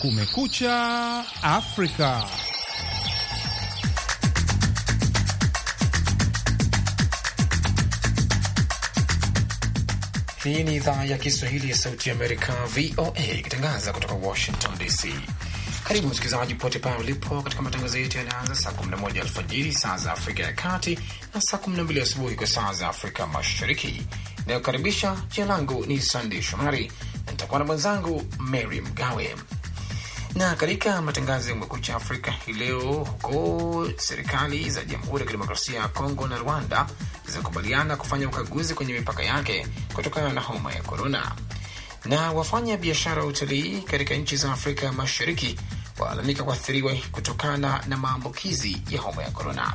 Kumekucha Afrika. Hii ni idhaa ya Kiswahili ya Sauti ya Amerika, VOA, ikitangaza kutoka Washington DC. Karibu msikilizaji, pote pale ulipo, katika matangazo yetu yanaanza saa 11 alfajiri saa za Afrika ya Kati na saa 12 asubuhi kwa saa za Afrika Mashariki. Inayokaribisha, jina langu ni Sandey Shomari na nitakuwa na mwenzangu Mary Mgawe na katika matangazo ya Kumekucha Afrika hii leo, huko serikali za Jamhuri ya Kidemokrasia ya Kongo na Rwanda zinakubaliana kufanya ukaguzi kwenye mipaka yake kutokana na homa ya korona. Na wafanya biashara wa utalii katika nchi za Afrika Mashariki walalamika kuathiriwa kutokana na maambukizi ya homa ya korona.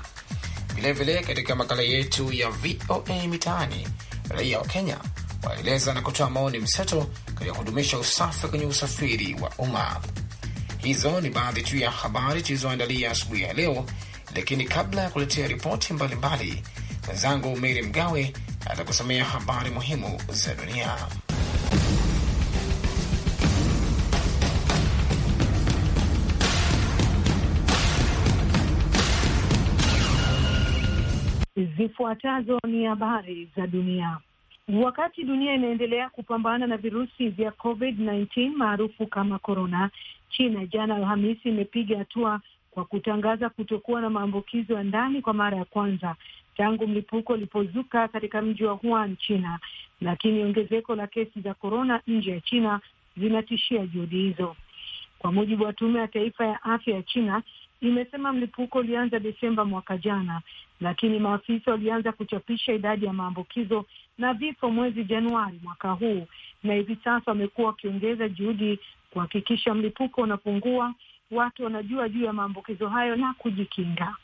Vilevile, katika makala yetu ya VOA Mitaani, raia wa Kenya waeleza na kutoa maoni mseto katika kudumisha usafi kwenye usafiri wa umma. Hizo ni baadhi tu ya habari tulizoandalia asubuhi ya leo, lakini kabla ya kuletea ripoti mbalimbali, mwenzangu Meri Mgawe atakusomea habari muhimu za dunia. Zifuatazo ni habari za dunia. Wakati dunia inaendelea kupambana na virusi vya COVID-19 maarufu kama korona, China jana Alhamisi imepiga hatua kwa kutangaza kutokuwa na maambukizo ya ndani kwa mara ya kwanza tangu mlipuko ulipozuka katika mji wa Wuhan, China, lakini ongezeko la kesi za korona nje ya China zinatishia juhudi hizo. Kwa mujibu wa tume ya taifa ya afya ya China, imesema mlipuko ulianza Desemba mwaka jana, lakini maafisa walianza kuchapisha idadi ya maambukizo na vifo mwezi Januari mwaka huu, na hivi sasa wamekuwa wakiongeza juhudi kuhakikisha mlipuko unapungua, watu wanajua juu ya maambukizo hayo na kujikinga.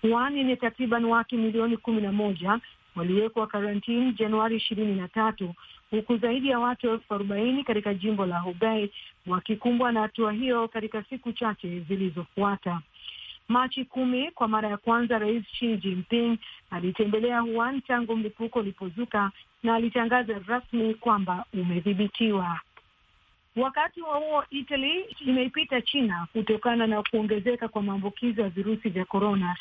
Pwani ni takriban watu milioni kumi na moja waliwekwa karantini Januari ishirini na tatu huku zaidi ya watu elfu arobaini katika jimbo la Hubei wakikumbwa na hatua hiyo katika siku chache zilizofuata. Machi kumi, kwa mara ya kwanza Rais Xi Jinping alitembelea Wuhan tangu mlipuko ulipozuka na alitangaza rasmi kwamba umedhibitiwa. Wakati wa huo Italy imeipita China kutokana na kuongezeka kwa maambukizo ya virusi vya korona,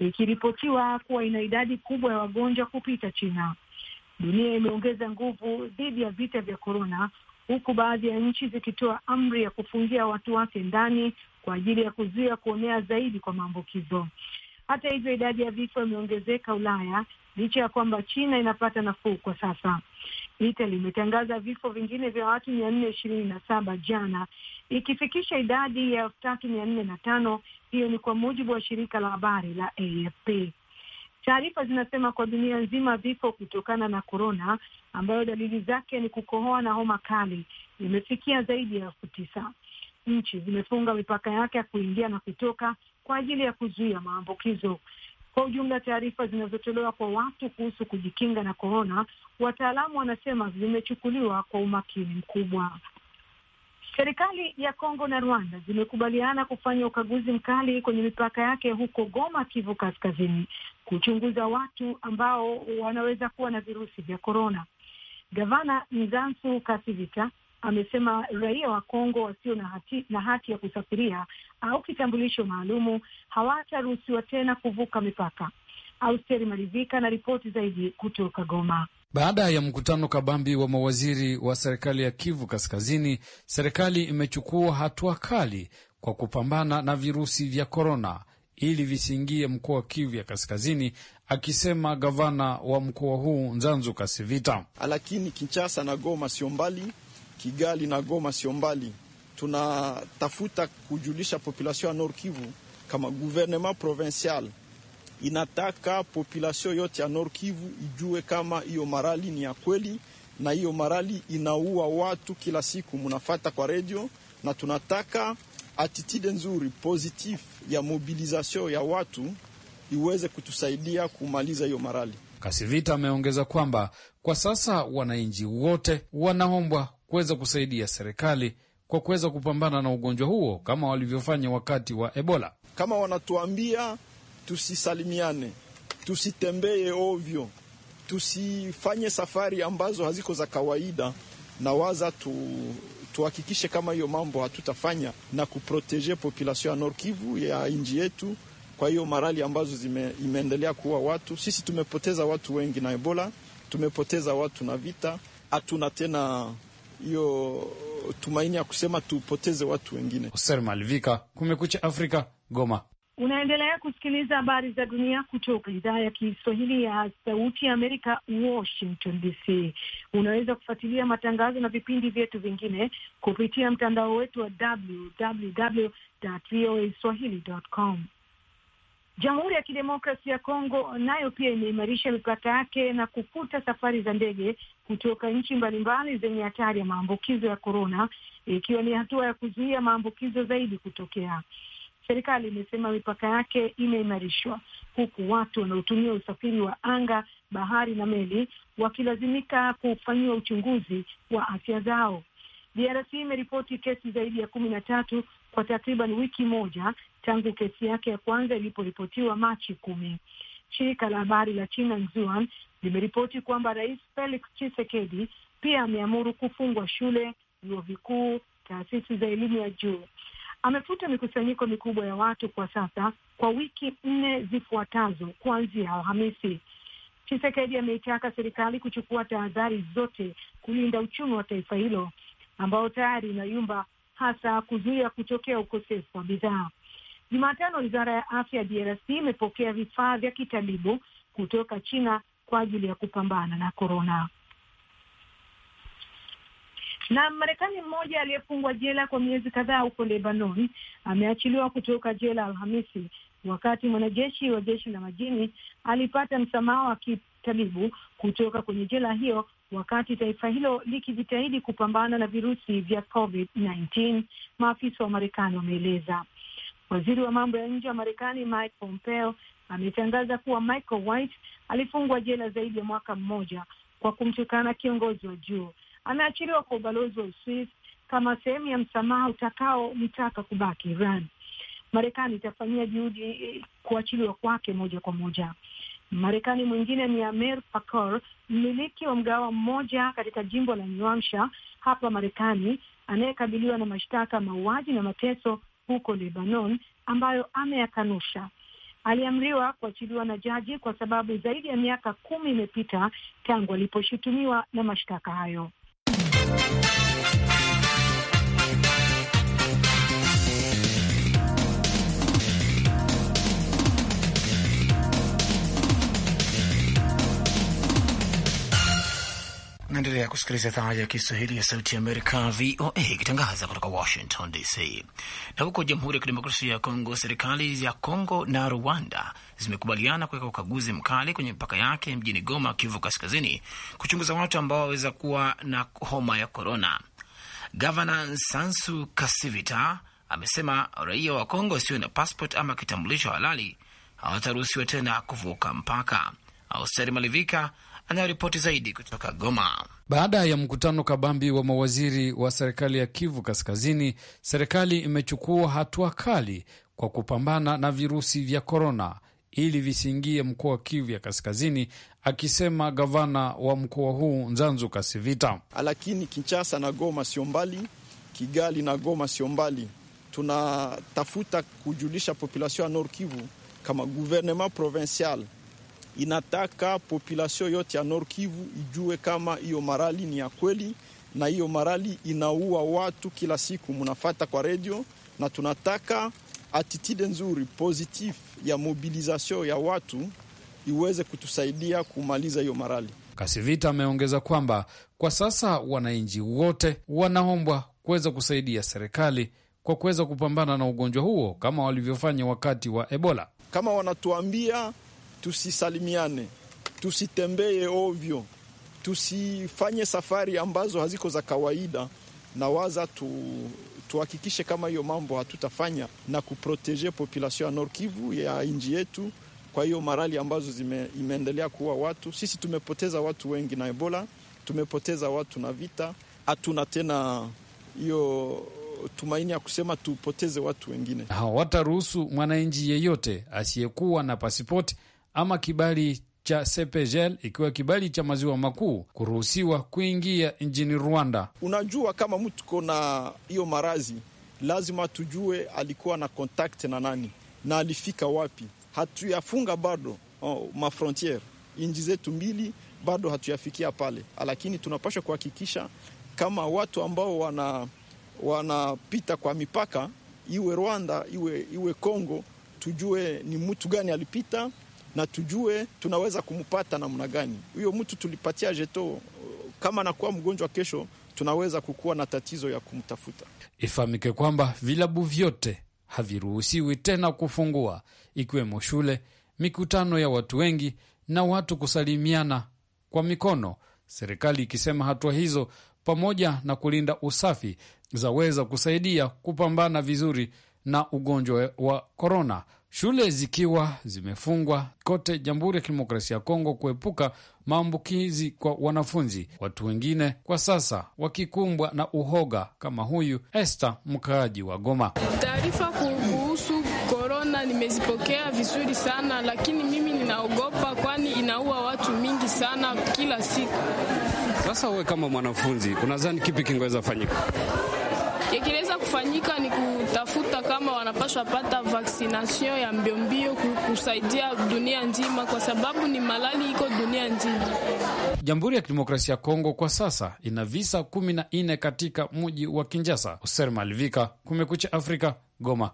ikiripotiwa kuwa ina idadi kubwa ya wagonjwa kupita China. Dunia imeongeza nguvu dhidi ya vita vya korona, huku baadhi ya nchi zikitoa amri ya kufungia watu wake ndani kwa ajili ya kuzuia kuonea zaidi kwa maambukizo. Hata hivyo, idadi ya vifo imeongezeka Ulaya licha ya kwamba China inapata nafuu kwa sasa. Italy imetangaza vifo vingine vya watu mia nne ishirini na saba jana ikifikisha idadi ya elfu tatu mia nne na tano. Hiyo ni kwa mujibu wa shirika la habari la AFP. Taarifa zinasema kwa dunia nzima vifo kutokana na korona, ambayo dalili zake ni kukohoa na homa kali, imefikia zaidi ya elfu tisa. Nchi zimefunga mipaka yake ya kuingia na kutoka kwa ajili ya kuzuia maambukizo. Kwa ujumla, taarifa zinazotolewa kwa watu kuhusu kujikinga na korona, wataalamu wanasema zimechukuliwa kwa umakini mkubwa. Serikali ya Kongo na Rwanda zimekubaliana kufanya ukaguzi mkali kwenye mipaka yake huko Goma, Kivu Kaskazini, kuchunguza watu ambao wanaweza kuwa na virusi vya korona. Gavana Nzansu Kasivita amesema raia wa Kongo wasio na hati, na hati ya kusafiria au kitambulisho maalumu hawataruhusiwa tena kuvuka mipaka. Austeri Malivika na ripoti zaidi kutoka Goma. Baada ya mkutano kabambi wa mawaziri wa serikali ya Kivu Kaskazini, serikali imechukua hatua kali kwa kupambana na virusi vya korona ili visiingie mkoa wa Kivu ya Kaskazini, akisema gavana wa mkoa huu Nzanzu Kasivita. Lakini Kinchasa na Goma sio mbali Kigali na Goma sio mbali. Tunatafuta kujulisha population ya Nord Kivu kama gouvernement provincial inataka population yote ya Nord Kivu ijue kama hiyo marali ni ya kweli, na hiyo marali inaua watu kila siku, mnafata kwa redio, na tunataka attitude nzuri positive ya mobilisation ya watu iweze kutusaidia kumaliza hiyo marali. Kasivita ameongeza kwamba kwa sasa wananchi wote wanaombwa kuweza kusaidia serikali kwa kuweza kupambana na ugonjwa huo kama walivyofanya wakati wa Ebola. Kama wanatuambia tusisalimiane, tusitembee ovyo, tusifanye safari ambazo haziko za kawaida, na waza tu tuhakikishe kama hiyo mambo hatutafanya na kuproteje populasio ya Nord Kivu ya nji yetu. Kwa hiyo marali ambazo zime, imeendelea kuwa watu, sisi tumepoteza watu wengi na Ebola, tumepoteza watu na vita, hatuna tena hiyo tumaini ya kusema tupoteze watu wengine. Hoser Malvika, Kumekucha Afrika, Goma. Unaendelea kusikiliza habari za dunia kutoka idhaa ya Kiswahili ya Sauti ya Amerika, Washington DC. Unaweza kufuatilia matangazo na vipindi vyetu vingine kupitia mtandao wetu wa www voa com Jamhuri ya Kidemokrasia ya Kongo nayo pia imeimarisha mipaka yake na kufuta safari za ndege kutoka nchi mbalimbali zenye hatari ya maambukizo ya korona, ikiwa ni hatua ya kuzuia maambukizo zaidi kutokea. Serikali imesema mipaka yake imeimarishwa huku watu wanaotumia usafiri wa anga, bahari na meli wakilazimika kufanyiwa uchunguzi wa afya zao. DRC imeripoti kesi zaidi ya kumi na tatu kwa takriban wiki moja tangu kesi yake ya kwanza iliporipotiwa Machi kumi. Shirika la habari la China Xinhua limeripoti kwamba Rais Felix Tshisekedi pia ameamuru kufungwa shule, vyuo vikuu, taasisi za elimu ya juu. Amefuta mikusanyiko mikubwa ya watu kwa sasa kwa wiki nne zifuatazo kuanzia Alhamisi. chisekedi ameitaka serikali kuchukua tahadhari zote kulinda uchumi wa taifa hilo ambao tayari inayumba hasa kuzuia kutokea ukosefu wa bidhaa. Jumatano, wizara ya afya ya DRC imepokea vifaa vya kitabibu kutoka China kwa ajili ya kupambana na korona. Na Marekani mmoja aliyefungwa jela kwa miezi kadhaa huko Lebanon ameachiliwa kutoka jela Alhamisi, wakati mwanajeshi wa jeshi la majini alipata msamaha wa kitabibu kutoka kwenye jela hiyo Wakati taifa hilo likijitahidi kupambana na virusi vya COVID-19, maafisa wa Marekani wameeleza. Waziri wa mambo ya nje wa Marekani Mike Pompeo ametangaza kuwa Michael White alifungwa jela zaidi ya mwaka mmoja kwa kumtukana kiongozi wa juu. Ameachiliwa kwa ubalozi wa Uswis kama sehemu ya msamaha utakaomtaka kubaki Iran. Marekani itafanyia juhudi eh, kuachiliwa kwake moja kwa moja. Marekani mwingine ni Amir Pakor, mmiliki wa mgawa mmoja katika jimbo la New Hampshire hapa Marekani, anayekabiliwa na mashtaka mauaji na mateso huko Lebanon, ambayo ameyakanusha. Aliamriwa kuachiliwa na jaji kwa sababu zaidi ya miaka kumi imepita tangu aliposhutumiwa na mashtaka hayo. Naendelea kusikiliza idhaa ya Kiswahili ya Sauti ya Amerika, VOA, ikitangaza kutoka Washington DC. Na huko Jamhuri ya Kidemokrasia ya Kongo, serikali ya Kongo na Rwanda zimekubaliana kuweka ukaguzi mkali kwenye mipaka yake mjini Goma, Kivu Kaskazini, kuchunguza watu ambao waweza kuwa na homa ya korona. Gavana Sansu Kasivita amesema raia wa Kongo wasio na paspot ama kitambulisho halali hawataruhusiwa tena kuvuka mpaka. Austeri Malivika anayoripoti zaidi kutoka Goma. Baada ya mkutano kabambi wa mawaziri wa serikali ya Kivu Kaskazini, serikali imechukua hatua kali kwa kupambana na virusi vya korona ili visiingie mkoa wa Kivu ya Kaskazini, akisema gavana wa mkoa huu Nzanzu Kasivita. Lakini Kinchasa na Goma sio mbali, Kigali na Goma sio mbali. Tunatafuta kujulisha population ya Nord Kivu kama guvernement provincial inataka population yote ya Nord Kivu ijue kama hiyo marali ni ya kweli, na hiyo marali inaua watu kila siku, mnafata kwa redio, na tunataka atitide nzuri positif ya mobilization ya watu iweze kutusaidia kumaliza hiyo marali. Kasivita ameongeza kwamba kwa sasa wananchi wote wanaombwa kuweza kusaidia serikali kwa kuweza kupambana na ugonjwa huo kama walivyofanya wakati wa Ebola. Kama wanatuambia tusisalimiane, tusitembee ovyo, tusifanye safari ambazo haziko za kawaida, na waza tu tuhakikishe kama hiyo mambo hatutafanya na kuproteje population ya Nord Kivu ya nchi yetu. Kwa hiyo marali ambazo zime, imeendelea kuwa watu, sisi tumepoteza watu wengi na Ebola, tumepoteza watu na vita, hatuna tena hiyo tumaini ya kusema tupoteze watu wengine. Hawataruhusu mwananchi yeyote asiyekuwa na pasipoti ama kibali cha CPGL ikiwa kibali cha maziwa makuu kuruhusiwa kuingia nchini Rwanda. Unajua, kama mtu kona hiyo marazi, lazima tujue alikuwa na kontakt na nani na alifika wapi. Hatuyafunga bado oh, mafrontier nchi zetu mbili bado hatuyafikia pale, lakini tunapashwa kuhakikisha kama watu ambao wana wanapita kwa mipaka, iwe Rwanda iwe iwe Kongo, tujue ni mtu gani alipita na tujue tunaweza kumpata namna gani huyo mtu tulipatia jeto. Kama anakuwa mgonjwa kesho, tunaweza kukuwa na tatizo ya kumtafuta. Ifahamike kwamba vilabu vyote haviruhusiwi tena kufungua, ikiwemo shule, mikutano ya watu wengi na watu kusalimiana kwa mikono, serikali ikisema hatua hizo pamoja na kulinda usafi zaweza kusaidia kupambana vizuri na ugonjwa wa korona shule zikiwa zimefungwa kote Jamhuri ya Kidemokrasia ya Kongo kuepuka maambukizi kwa wanafunzi, watu wengine kwa sasa wakikumbwa na uhoga kama huyu Esther, mkaaji wa Goma. Taarifa kuhusu korona nimezipokea vizuri sana, lakini mimi ninaogopa, kwani inaua watu mingi sana kila siku. Sasa wewe kama mwanafunzi unadhani kipi kingeweza fanyika? Yakiweza kufanyika ni kutafuta wanapaswa pata vaksination ya mbiombio kusaidia dunia nzima, kwa sababu ni malali iko dunia nzima. Jamhuri ya Kidemokrasia ya Kongo kwa sasa ina visa kumi na nne katika mji wa Kinjasa. Hoser Malivika, Kumekucha Afrika, Goma.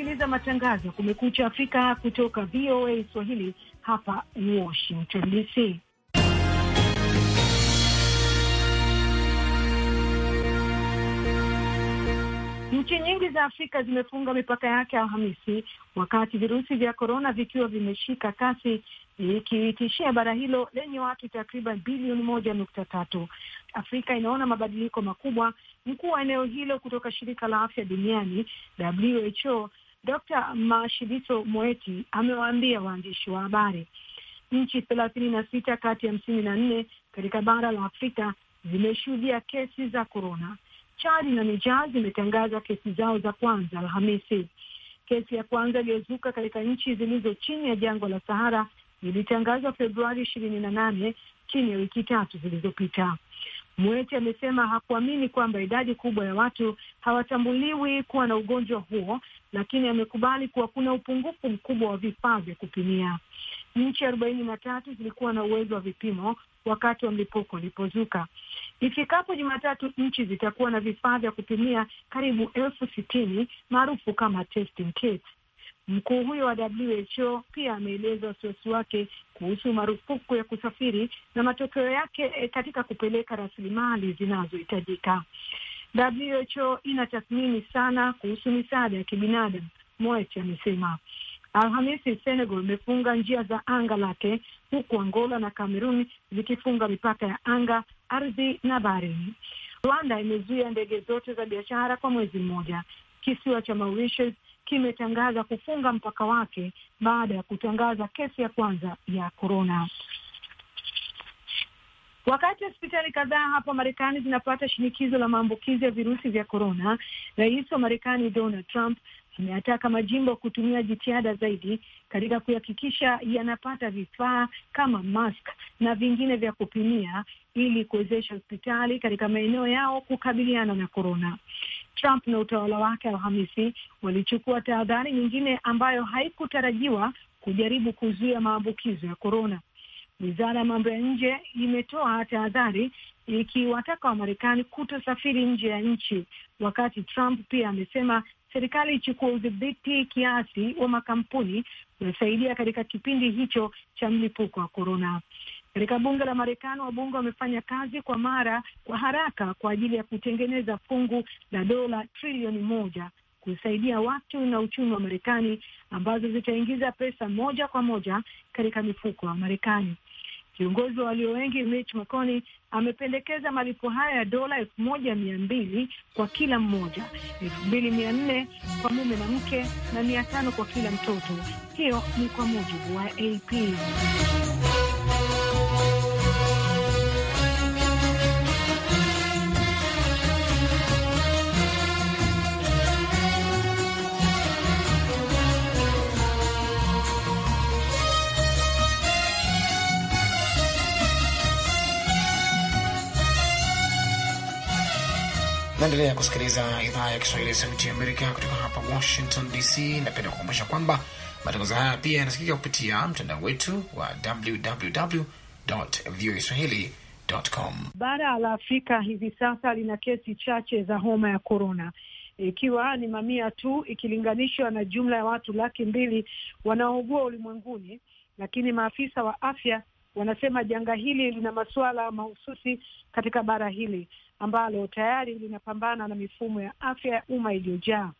unasikiliza matangazo ya Kumekucha Afrika kutoka VOA Swahili hapa Washington DC. Nchi nyingi za Afrika zimefunga mipaka yake Alhamisi, wakati virusi vya korona vikiwa vimeshika kasi ikitishia bara hilo lenye watu takriban bilioni moja nukta tatu. Afrika inaona mabadiliko makubwa. Mkuu wa eneo hilo kutoka shirika la afya duniani WHO Dkt. Mashidiso Moeti amewaambia waandishi wa habari nchi thelathini na sita kati ya hamsini na nne katika bara la Afrika zimeshuhudia kesi za korona. Chadi na Niger zimetangaza kesi zao za kwanza Alhamisi. Kesi ya kwanza iliyozuka katika nchi zilizo chini ya jangwa la Sahara ilitangazwa Februari ishirini na nane, chini ya wiki tatu zilizopita. Mwete amesema hakuamini kwamba idadi kubwa ya watu hawatambuliwi kuwa na ugonjwa huo, lakini amekubali kuwa kuna upungufu mkubwa wa vifaa vya kupimia. Nchi arobaini na tatu zilikuwa na uwezo wa vipimo wakati wa mlipuko ulipozuka. Ifikapo Jumatatu, nchi zitakuwa na vifaa vya kupimia karibu elfu sitini maarufu kama testing kits. Mkuu huyo wa WHO pia ameeleza wasiwasi wake kuhusu marufuku ya kusafiri na matokeo yake eh, katika kupeleka rasilimali zinazohitajika. WHO inatathmini sana kuhusu misaada ya kibinadamu, Moech amesema. Alhamisi, Senegal imefunga njia za anga lake huku Angola na Cameroon zikifunga mipaka ya anga, ardhi na baharini. Rwanda imezuia ndege zote za biashara kwa mwezi mmoja. Kisiwa cha Mauritius kimetangaza kufunga mpaka wake baada ya kutangaza kesi ya kwanza ya korona. Wakati hospitali kadhaa hapa Marekani zinapata shinikizo la maambukizi ya virusi vya korona, rais wa Marekani Donald Trump ameyataka majimbo kutumia jitihada zaidi katika kuhakikisha yanapata vifaa kama mask na vingine vya kupimia ili kuwezesha hospitali katika maeneo yao kukabiliana na korona. Trump na utawala wake Alhamisi walichukua tahadhari nyingine ambayo haikutarajiwa kujaribu kuzuia maambukizo ya korona. Wizara ya mambo ya nje imetoa tahadhari ikiwataka Wamarekani kutosafiri nje ya nchi, wakati Trump pia amesema serikali ichukua udhibiti kiasi wa makampuni unasaidia katika kipindi hicho cha mlipuko wa korona. Katika bunge la Marekani, wabunge wamefanya kazi kwa mara kwa haraka kwa ajili ya kutengeneza fungu la dola trilioni moja kusaidia watu na uchumi wa Marekani, ambazo zitaingiza pesa moja kwa moja katika mifuko ya Marekani. Kiongozi wa walio wengi Mitch McConnell amependekeza malipo haya ya dola elfu moja mia mbili kwa kila mmoja, elfu mbili mia nne kwa mume na mke na mia tano kwa kila mtoto. Hiyo ni kwa mujibu wa AP. Unaendelea kusikiliza idhaa ya Kiswahili ya Sauti ya Amerika kutoka hapa Washington DC. Napenda kukumbusha kwamba matangazo haya pia yanasikika kupitia mtandao wetu wa www voa swahili com. Bara la Afrika hivi sasa lina kesi chache za homa ya korona ikiwa ni mamia tu ikilinganishwa na jumla ya watu laki mbili wanaougua ulimwenguni, lakini maafisa wa afya wanasema janga hili lina masuala mahususi katika bara hili ambalo tayari linapambana na mifumo ya afya ya umma iliyojaa.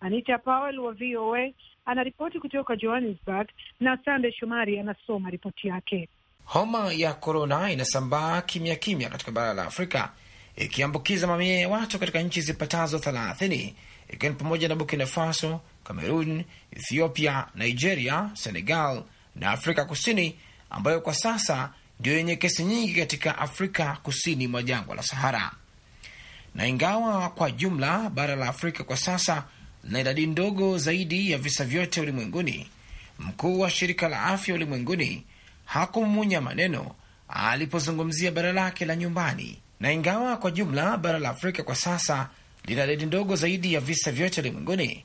Anita Powell wa VOA anaripoti kutoka Johannesburg na Sande Shomari anasoma ripoti yake. Homa ya korona inasambaa kimya kimya katika bara la Afrika ikiambukiza mamia ya watu katika nchi zipatazo thelathini ikiwa ni pamoja na Burkina Faso, Cameroon, Ethiopia, Nigeria, Senegal na Afrika Kusini, ambayo kwa sasa ndiyo yenye kesi nyingi katika Afrika kusini mwa jangwa la Sahara na ingawa kwa jumla bara la Afrika kwa sasa lina idadi ndogo zaidi ya visa vyote ulimwenguni, mkuu wa shirika la afya ulimwenguni hakumunya maneno alipozungumzia bara lake la nyumbani. Na ingawa kwa jumla bara la Afrika kwa sasa lina idadi ndogo zaidi ya visa vyote ulimwenguni,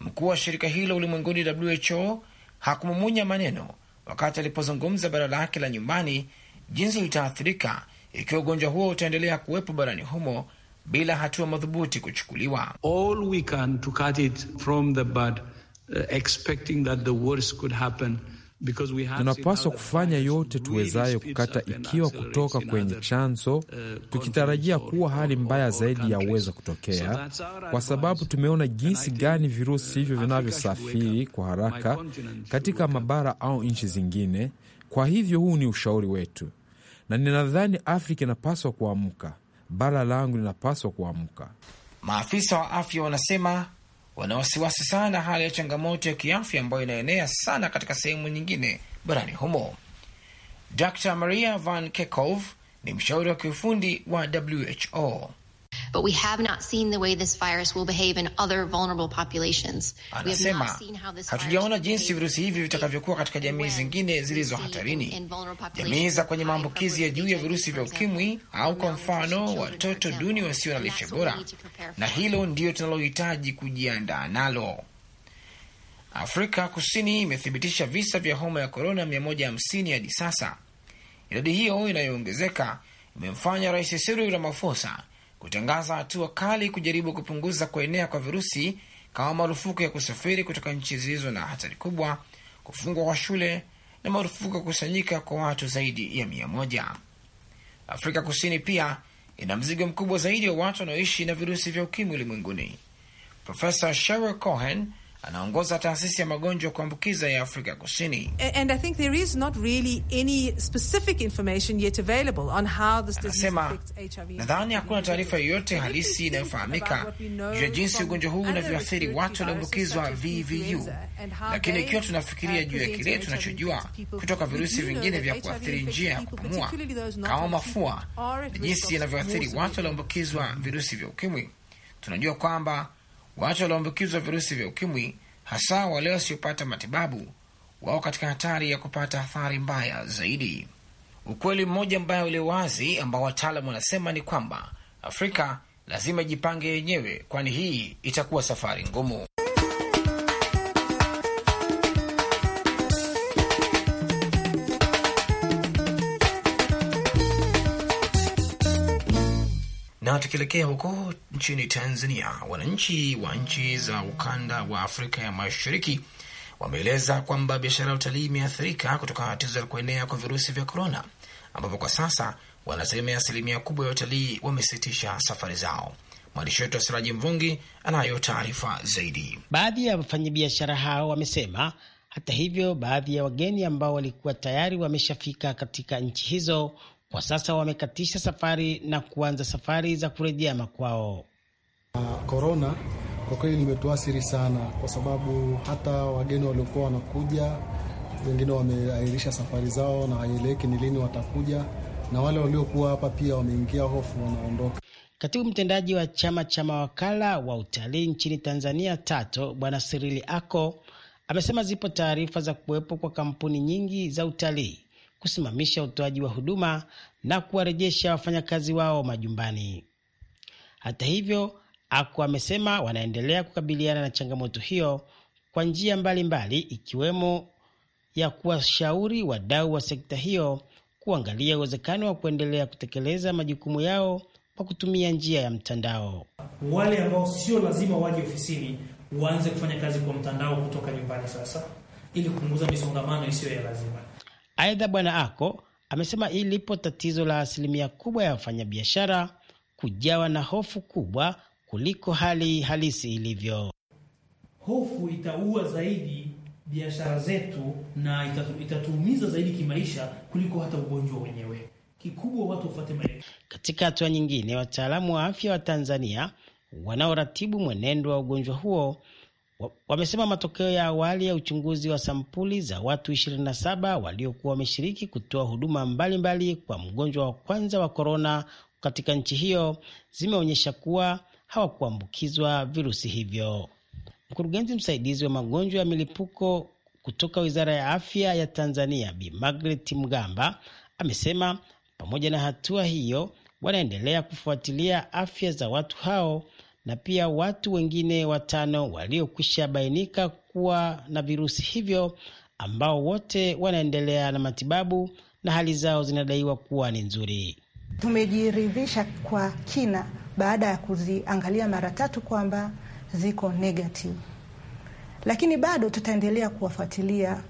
mkuu wa shirika hilo ulimwenguni WHO hakumumunya maneno wakati alipozungumza bara lake la nyumbani, jinsi litaathirika ikiwa ugonjwa huo utaendelea kuwepo barani humo bila hatua madhubuti kuchukuliwa. All we can to cut it from the bud, uh, expecting that the worst could happen. Tunapaswa kufanya yote tuwezayo kukata ikiwa kutoka kwenye chanzo, uh, tukitarajia kuwa hali mbaya zaidi yaweza kutokea, kwa sababu tumeona jinsi gani virusi uh, hivyo vinavyosafiri kwa haraka katika mabara au nchi zingine. Kwa hivyo huu ni ushauri wetu, na ninadhani Afrika inapaswa kuamka bara langu linapaswa kuamka. Maafisa wa afya wanasema wana wasiwasi sana hali ya changamoto ya kiafya ambayo inaenea sana katika sehemu nyingine barani humo. Dr Maria Van kekov ni mshauri wa kiufundi wa WHO but we have not seen the way this virus will behave in other vulnerable populations. Anasema hatujaona jinsi virusi hivi vitakavyokuwa katika jamii zingine zilizo hatarini, jamii za kwenye maambukizi ya juu ya virusi vya ukimwi, au kwa mfano watoto duni wasio na lishe bora, na hilo ndiyo tunalohitaji kujiandaa nalo. Afrika Kusini imethibitisha visa vya homa ya korona 150 hadi sasa. Idadi hiyo inayoongezeka imemfanya Rais Cyril Ramaphosa kutangaza hatua kali kujaribu kupunguza kuenea kwa virusi kama marufuku ya kusafiri kutoka nchi zilizo na hatari kubwa, kufungwa kwa shule na marufuku ya kukusanyika kwa watu zaidi ya mia moja. Afrika Kusini pia ina mzigo mkubwa zaidi wa watu wanaoishi na virusi vya ukimwi ulimwenguni. Profesa Sheryl Cohen anaongoza taasisi ya magonjwa kuambukiza ya Afrika Kusini. Anasema, nadhani hakuna taarifa yoyote halisi inayofahamika juu ya jinsi ugonjwa huu unavyoathiri watu walioambukizwa VVU, lakini ikiwa tunafikiria juu ya kile tunachojua kutoka virusi vingine vya kuathiri njia ya kupumua kama mafua na jinsi inavyoathiri watu walioambukizwa virusi vya ukimwi, tunajua kwamba Watu walioambukizwa virusi vya ukimwi, hasa wale wasiopata matibabu, wao katika hatari ya kupata athari mbaya zaidi. Ukweli mmoja mbaya ulio wazi ambao wataalamu wanasema ni kwamba Afrika lazima ijipange yenyewe, kwani hii itakuwa safari ngumu. Na tukielekea huko nchini Tanzania, wananchi wa nchi za ukanda wa Afrika ya Mashariki wameeleza kwamba biashara ya utalii imeathirika kutokana na tatizo la kuenea kwa virusi vya korona, ambapo kwa sasa wanasema asilimia kubwa ya watalii wamesitisha safari zao. Mwandishi wetu Siraji Mvungi anayo taarifa zaidi. Baadhi ya wafanyabiashara hao wamesema, hata hivyo, baadhi ya wageni ambao walikuwa tayari wameshafika katika nchi hizo kwa sasa wamekatisha safari na kuanza safari za kurejea makwao. Korona ah, kwa kweli limetuathiri sana, kwa sababu hata wageni waliokuwa wanakuja wengine wameahirisha safari zao na haieleweki ni lini watakuja, na wale waliokuwa hapa pia wameingia hofu, wanaondoka. Katibu mtendaji wa chama cha mawakala wa utalii nchini Tanzania TATO Bwana Sirili Ako amesema zipo taarifa za kuwepo kwa kampuni nyingi za utalii kusimamisha utoaji wa huduma na kuwarejesha wafanyakazi wao majumbani. Hata hivyo, Aku amesema wanaendelea kukabiliana na changamoto hiyo kwa njia mbalimbali, ikiwemo ya kuwashauri wadau wa sekta hiyo kuangalia uwezekano wa kuendelea kutekeleza majukumu yao kwa kutumia njia ya mtandao. Wale ambao sio lazima waje ofisini waanze kufanya kazi kwa mtandao kutoka nyumbani sasa, ili kupunguza misongamano isiyo ya lazima. Aidha, Bwana Ako amesema lipo tatizo la asilimia kubwa ya wafanyabiashara kujawa na hofu kubwa kuliko hali halisi ilivyo. Hofu itaua zaidi biashara zetu na itatuumiza zaidi kimaisha kuliko hata ugonjwa wenyewe. Kikubwa watu wafuate maelekezo. Katika hatua nyingine, wataalamu wa afya wa Tanzania wanaoratibu mwenendo wa ugonjwa huo wamesema matokeo ya awali ya uchunguzi wa sampuli za watu 27 waliokuwa wameshiriki kutoa huduma mbalimbali mbali kwa mgonjwa wa kwanza wa korona katika nchi hiyo zimeonyesha kuwa hawakuambukizwa virusi hivyo. Mkurugenzi msaidizi wa magonjwa ya milipuko kutoka Wizara ya Afya ya Tanzania Bi Margaret Mgamba amesema pamoja na hatua hiyo, wanaendelea kufuatilia afya za watu hao na pia watu wengine watano waliokwisha bainika kuwa na virusi hivyo ambao wote wanaendelea na matibabu na hali zao zinadaiwa kuwa ni nzuri. Tumejiridhisha kwa kina baada ya kuziangalia mara tatu kwamba ziko negative, lakini bado tutaendelea kuwafuatilia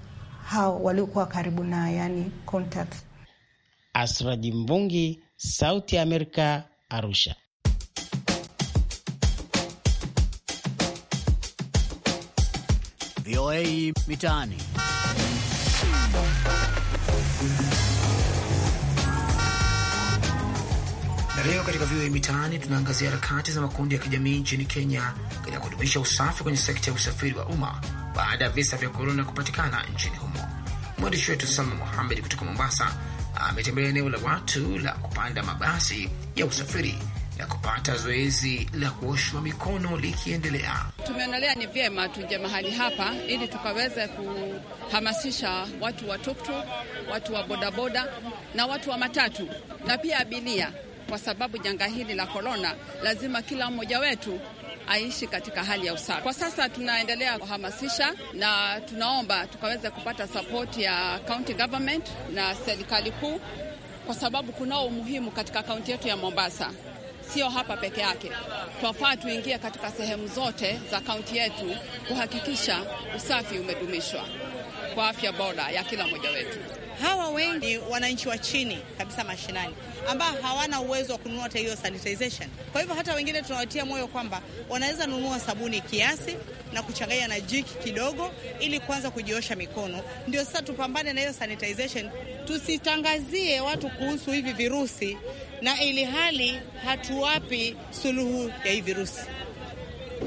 hao waliokuwa karibu na yani contact. Asraji Mvungi, Sauti ya Amerika, Arusha. VOA Mitaani. Na leo katika VOA Mitaani tunaangazia harakati za makundi ya kijamii nchini Kenya katika kudumisha usafi kwenye sekta ya usafiri wa umma baada ya visa vya korona kupatikana nchini humo. Mwandishi wetu Salma Muhamed kutoka Mombasa ametembelea eneo la watu la kupanda mabasi ya usafiri na kupata zoezi la kuoshwa mikono likiendelea. Tumeonelea ni vyema tuje mahali hapa ili tukaweze kuhamasisha watu wa tuktuk, watu wa bodaboda na watu wa matatu na pia abiria, kwa sababu janga hili la korona lazima kila mmoja wetu aishi katika hali ya usafi. Kwa sasa tunaendelea kuhamasisha na tunaomba tukaweze kupata sapoti ya county government na serikali kuu, kwa sababu kunao umuhimu katika kaunti yetu ya Mombasa sio hapa peke yake. Twafaa tuingie katika sehemu zote za kaunti yetu kuhakikisha usafi umedumishwa kwa afya bora ya kila mmoja wetu hawa wengi wananchi wa chini kabisa mashinani, ambao hawana uwezo wa kununua hata hiyo sanitization. Kwa hivyo hata wengine tunawatia moyo kwamba wanaweza nunua sabuni kiasi na kuchanganya na jiki kidogo, ili kuanza kujiosha mikono. Ndio sasa tupambane na hiyo sanitization, tusitangazie watu kuhusu hivi virusi, na ili hali hatuwapi suluhu ya hivi virusi,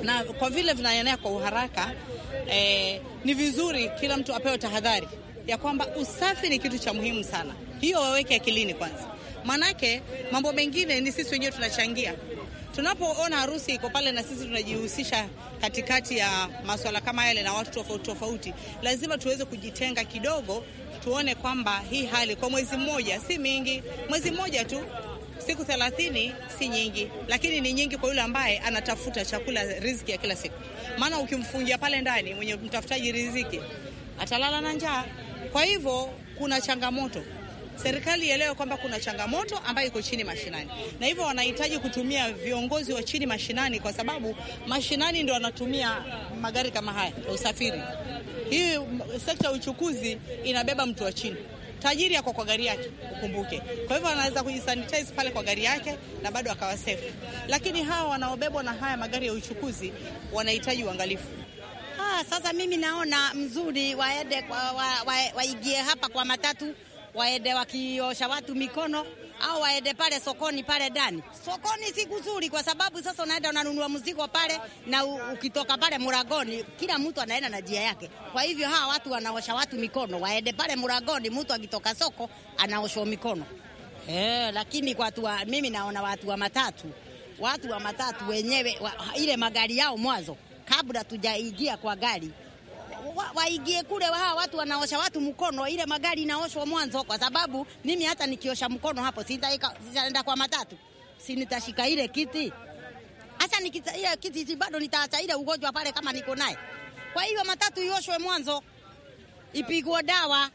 na kwa vile vinaenea kwa uharaka, eh, ni vizuri kila mtu apewe tahadhari ya kwamba usafi ni kitu cha muhimu sana. Hiyo waweke akilini kwanza, maanake mambo mengine ni sisi wenyewe tunachangia. Tunapoona harusi iko pale na sisi tunajihusisha katikati ya maswala kama yale na watu tofauti tofauti, lazima tuweze kujitenga kidogo, tuone kwamba hii hali kwa mwezi mmoja si mingi, mwezi mmoja tu siku thelathini si nyingi, lakini ni nyingi kwa yule ambaye anatafuta chakula, riziki ya kila siku. Maana ukimfungia pale ndani mwenye mtafutaji riziki atalala na njaa. Kwa hivyo kuna changamoto, serikali ielewe kwamba kuna changamoto ambayo iko chini mashinani, na hivyo wanahitaji kutumia viongozi wa chini mashinani, kwa sababu mashinani ndio wanatumia magari kama haya ya usafiri. Hii sekta ya uchukuzi inabeba mtu wa chini tajiri yako kwa gari yake ukumbuke. Kwa hivyo anaweza kujisanitize pale kwa gari yake na bado akawa safe, lakini hawa wanaobebwa na haya magari ya uchukuzi wanahitaji uangalifu. Ah, sasa mimi naona mzuri waende wa, wa, wa, waigie hapa kwa matatu waende wakiosha watu mikono au waende pale sokoni pale ndani. Sokoni si kuzuri kwa sababu sasa unaenda unanunua mzigo pale na u, ukitoka pale mlangoni kila mtu anaenda na njia yake. Kwa hivyo hawa watu wanaosha watu mikono waende pale mlangoni, mtu akitoka soko anaoshwa mikono. Eh, lakini kwa tu mimi naona watu wa matatu, watu wa matatu wenyewe wa, ile magari yao mwanzo kabla tujaingia kwa gari waingie wa kule hawa watu wanaosha watu mkono, ile magari inaoshwa mwanzo, kwa sababu mimi hata nikiosha mkono hapo sitaenda kwa matatu, si nitashika ile kiti hasa ile kiti bado nitaacha ile ugonjwa pale kama niko naye. Kwa hiyo matatu ioshwe mwanzo, ipigwe dawa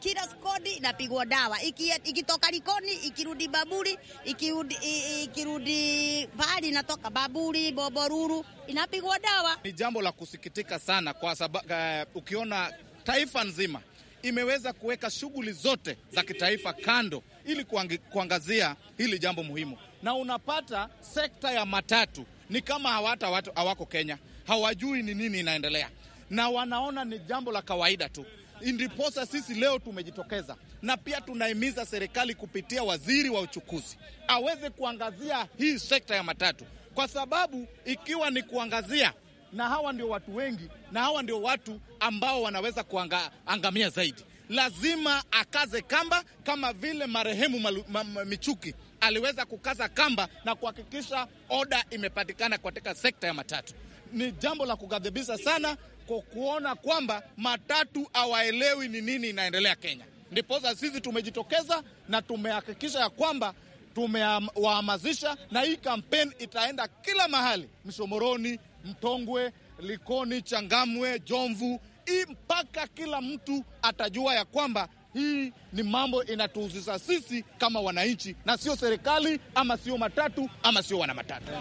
kila kodi inapigwa dawa, ikitoka iki rikoni, ikirudi baburi, ikirudi iki pahali inatoka baburi, boboruru, inapigwa dawa. Ni jambo la kusikitika sana, kwa sababu uh, eh, ukiona taifa nzima imeweza kuweka shughuli zote za kitaifa kando ili kuangazia hili jambo muhimu, na unapata sekta ya matatu ni kama hawata watu hawako Kenya, hawajui ni nini inaendelea, na wanaona ni jambo la kawaida tu. Ndiposa sisi leo tumejitokeza, na pia tunahimiza serikali kupitia waziri wa uchukuzi aweze kuangazia hii sekta ya matatu, kwa sababu ikiwa ni kuangazia, na hawa ndio watu wengi, na hawa ndio watu ambao wanaweza kuangamia zaidi. Lazima akaze kamba, kama vile marehemu malu, ma, ma, Michuki aliweza kukaza kamba na kuhakikisha oda imepatikana katika sekta ya matatu. Ni jambo la kughadhibisha sana, kwa kuona kwamba matatu hawaelewi ni nini inaendelea Kenya. Ndiposa sisi tumejitokeza na tumehakikisha ya kwamba tumewahamasisha, na hii kampeni itaenda kila mahali, Mshomoroni, Mtongwe, Likoni, Changamwe, Jomvu, hii mpaka kila mtu atajua ya kwamba hii ni mambo inatuhusisha sisi kama wananchi, na sio serikali ama sio matatu ama sio wana matatu.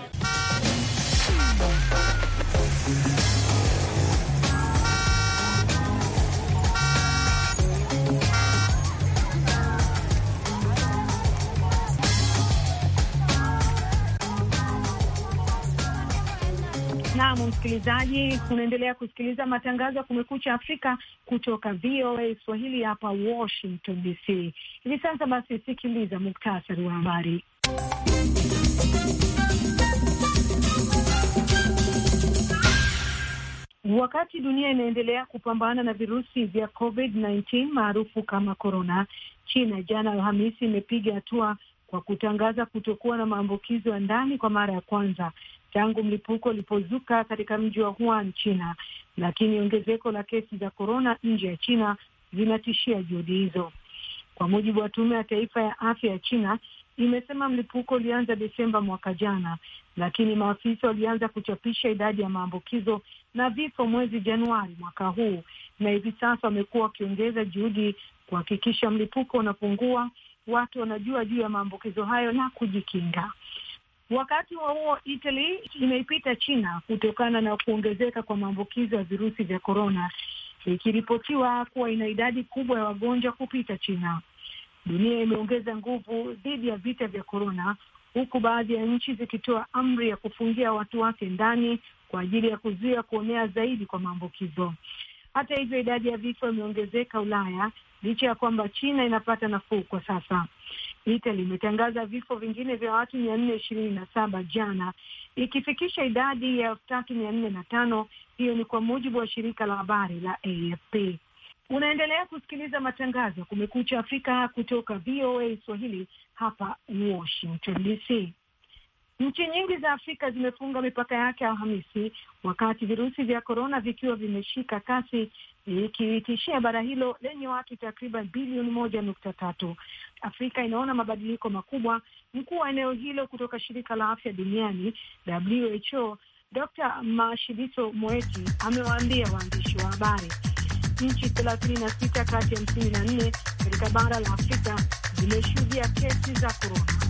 Naam, msikilizaji, unaendelea kusikiliza matangazo ya Kumekucha Afrika kutoka VOA Swahili hapa Washington DC. Hivi sasa basi, sikiliza muktasari wa habari. Wakati dunia inaendelea kupambana na virusi vya COVID-19 maarufu kama korona, China jana Alhamisi imepiga hatua kwa kutangaza kutokuwa na maambukizo ya ndani kwa mara ya kwanza tangu mlipuko ulipozuka katika mji wa Wuhan, China, lakini ongezeko la kesi za korona nje ya China zinatishia juhudi hizo. Kwa mujibu wa Tume ya Taifa ya Afya ya China, imesema mlipuko ulianza Desemba mwaka jana, lakini maafisa walianza kuchapisha idadi ya maambukizo na vifo mwezi Januari mwaka huu, na hivi sasa wamekuwa wakiongeza juhudi kuhakikisha mlipuko unapungua, watu wanajua juu ya maambukizo hayo na kujikinga. Wakati wa huo Italy imeipita China kutokana na kuongezeka kwa maambukizo ya virusi vya korona, ikiripotiwa kuwa ina idadi kubwa ya wagonjwa kupita China. Dunia imeongeza nguvu dhidi ya vita vya korona, huku baadhi ya nchi zikitoa amri ya kufungia watu wake ndani kwa ajili ya kuzuia kuonea zaidi kwa maambukizo. Hata hivyo, idadi ya vifo imeongezeka Ulaya licha ya kwamba China inapata nafuu kwa sasa. Italy imetangaza vifo vingine vya watu mia nne ishirini na saba jana ikifikisha idadi ya elfu tatu mia nne na tano. Hiyo ni kwa mujibu wa shirika la habari la AFP. Unaendelea kusikiliza matangazo ya Kumekucha Afrika kutoka VOA Swahili hapa Washington DC. Nchi nyingi za Afrika zimefunga mipaka yake Alhamisi, wakati virusi vya korona vikiwa vimeshika kasi ikitishia bara hilo lenye watu takriban bilioni moja nukta tatu. Afrika inaona mabadiliko makubwa. Mkuu wa eneo hilo kutoka shirika la afya duniani WHO Dr Mashidiso Moeti amewaambia waandishi wa habari nchi thelathini na sita kati ya na nne katika bara la Afrika zimeshuhudia kesi za korona.